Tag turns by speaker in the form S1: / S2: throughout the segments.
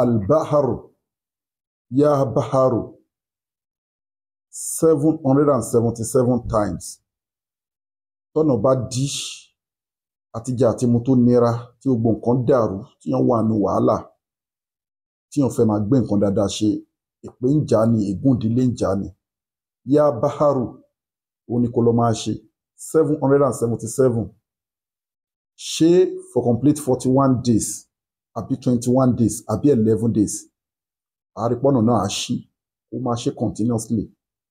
S1: Al-Baharu, Yabaharu, 777 times. Tọ́nà bá dí àtijọ́ àti mu tó nira tí gbogbo nǹkan dàrú tí wọ́n wà ní wàhálà tí wọ́n fẹ́ máa gbé nǹkan dáadáa ṣe ìpè ń jà ní ègún ìdílé ń jà ní. Yabaharu, òun ni kò lọ máa ṣe 777. Ṣé for complete 41 days àbí twenty one days àbí eleven days àrípọ́nà náà á ṣí ó máa ṣe continuously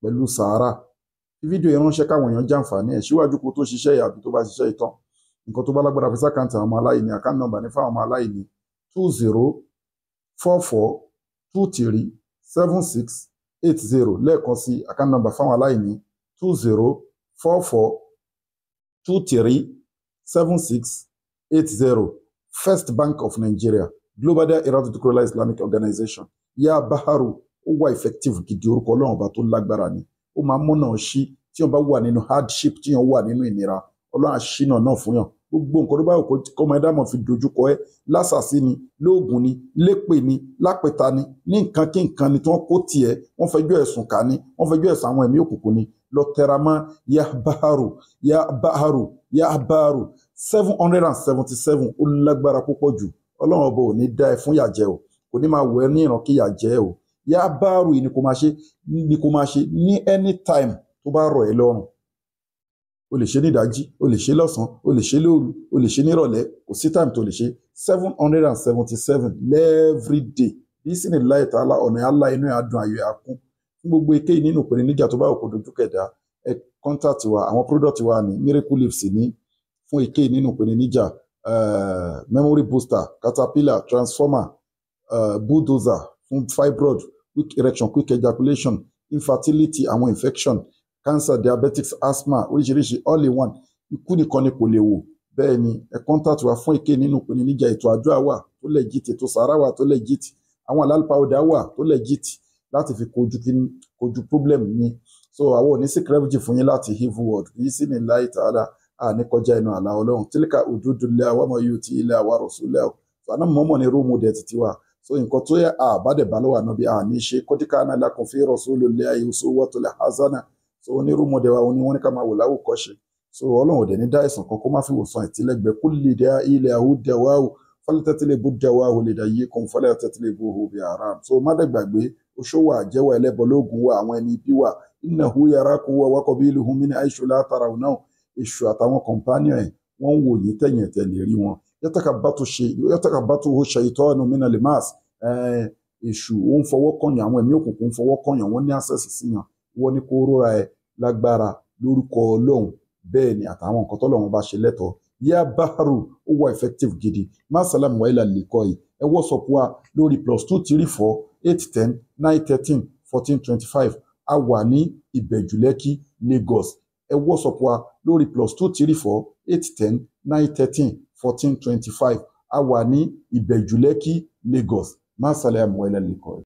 S1: pẹ̀lú Sahara. fi fídíò yẹn ránṣẹ́ káwọn èèyàn jàǹfààní ẹ̀ síwájú kó tó ṣiṣẹ́ yàbí tó bá ṣiṣẹ́ ìtàn nǹkan tó bá lágbára fi sákàǹtì àwọn ọmọ aláìní àkáǹtì nọ́mbà ní fáwọn ọmọ aláìní two zero four four two three seven six eight zero lẹ́ẹ̀kan sí àkáǹtì nọ́mbà fáwọn aláìní two zero four four two three seven six eight zero. First Bank of Nigeria Global Dahiratu Dhikrlahi Islamic Organization Ya Baharu ó wà effective gidi orúkọ ọlọ́run ọba tó lágbára ni ó máa múnà ṣí tí wọ́n bá wà nínú hardship tí wọ́n wà nínú ìnira ọlọ́run àṣínà náà fún yàn gbogbo nǹkan tó bá wù kọ́ ọmọ ẹ̀dámọ̀ fi dojúkọ ẹ lásàsí ni lóògùn ni lépè ni lápẹta ni ní nǹkan kí nǹkan ni tí wọ́n kó tiẹ̀ wọ́n fẹjọ́ ẹ̀sùn kà ni wọ́n fẹjọ́ ẹ̀sùn àwọn ẹ̀mí òkùnkùn ni lọ tẹra mọ́ ya baharu ya baharu ya baharu seven hundred and seventy seven ó lágbára púpọ̀ jù ọlọ́run ọba ò ní dá ẹ fún yàjẹ́ o kò ní máa wọ ẹ ní ìrànkíyà jẹ́ o yá báàrù yìí ni kò máa ṣe ni kò máa ṣe ní anytime tó bá rọ̀ ẹ́ lọ́rùn o lè ṣe ní ìdájí o lè ṣe lọ́sàn-án o lè ṣe lóru o lè ṣe nírọ̀lẹ́ kò sí time tó lè ṣe seven hundred and seventy seven every day bí sì ní láì ta la ọ̀nà àlá inú ẹ̀ adùn ayọ̀ àkún fún gbogbo èkéyìí nínú ìpèníjà tó bá òkú dojú kẹ̀dá ẹ̀ kọ́ńtà tiwa àwọn product wa ní miracle leaves ní fún èké nínú ìpèníjà uh, eh, memory booster caterpillar transformer uh, bulldozer fún fibroid quick erection quick ejaculation infertility àwọn infection cancer diabetics asthma oríṣiríṣi all in one ikú nìkan ni kò lè wò bẹ́ẹ̀ ni ẹ kọ́ńtàtì wa fún èké nínú ìpèníjà ètò àdúrà wà tó legit ètò sàárà wà tó legit àwọn àlálùpàwọ̀dà wà tó legit láti fi kojú kojú problem ni so àwọn ò ní sí crevage fún yín láti evil world yìí sì ní láì tààlà ní kọjá inú àlà ọlọ́run tílíkà òdúdúlẹ̀ àwọn ọmọ yóò ti ilẹ̀ àwa rọ̀súlẹ̀ ọ̀ sànà mọ́mọ́ ni rúùmù dẹ̀ ti tiwa so nǹkan tó yẹ àbádẹ̀ balùwà náà bí àní ṣe kọ́díkà náà lakum fi rasulillahi uswatun hasana so onírúùmù dẹ̀ wa ni wọ́n ní ká máa wò láwòkọ́ṣe so ọlọ́run dẹ̀ ní dá ẹ̀sán kan kó má fi wòsàn ìtìlẹ́gbẹ̀ẹ́ kó lè dá ilẹ̀ àwùdẹ̀wáwò fọlẹ́tẹ́tìlẹ́bù dẹ̀wáwò lè dá yìí kún fọlẹ́tẹ́tìlẹ́bù òbí haram so má dẹ̀ gbàgbé oṣòwò wa ẹlẹ́bọlógún wa àwọn ẹni bí wa innahu yarakum wa qabiluhu min aishu la tarawnahu èṣù àtàwọn companion ẹ̀ wọ́n ń wò yín tẹ̀yìn ẹ̀tẹ̀ lè rí wọn yàtàkàbàtò ó ṣàyítọ́ ẹnu mi náà lè má èṣù ó ń fọwọ́ kọ̀yàn àwọn ẹ̀mí òkùnkùn ń fọwọ́ kọ̀yàn wọ́n ní access sí wọ́n ní kó rọra ẹ lágbára lórúkọ ọlọ́run bẹ́ẹ̀ ni àtàwọn nǹkan tọ́lọ́run bá ṣe lẹ́tọ̀ọ́ yá báàrù ó wà effective gidi má sálàmù wáyé lè kọ́ yìí ẹ WhatsApp wa lórí plus two three four eight ten nine thirteen fourteen twenty five a wà ní ìbẹ̀jùlẹ́kì Lagos ẹ WhatsApp wa lórí plus two three four eight ten nine thirteen fourteen twenty five a wà ní ìbẹ̀jú lẹ́kì lagos má sálẹ̀ àmúwẹ́lẹ́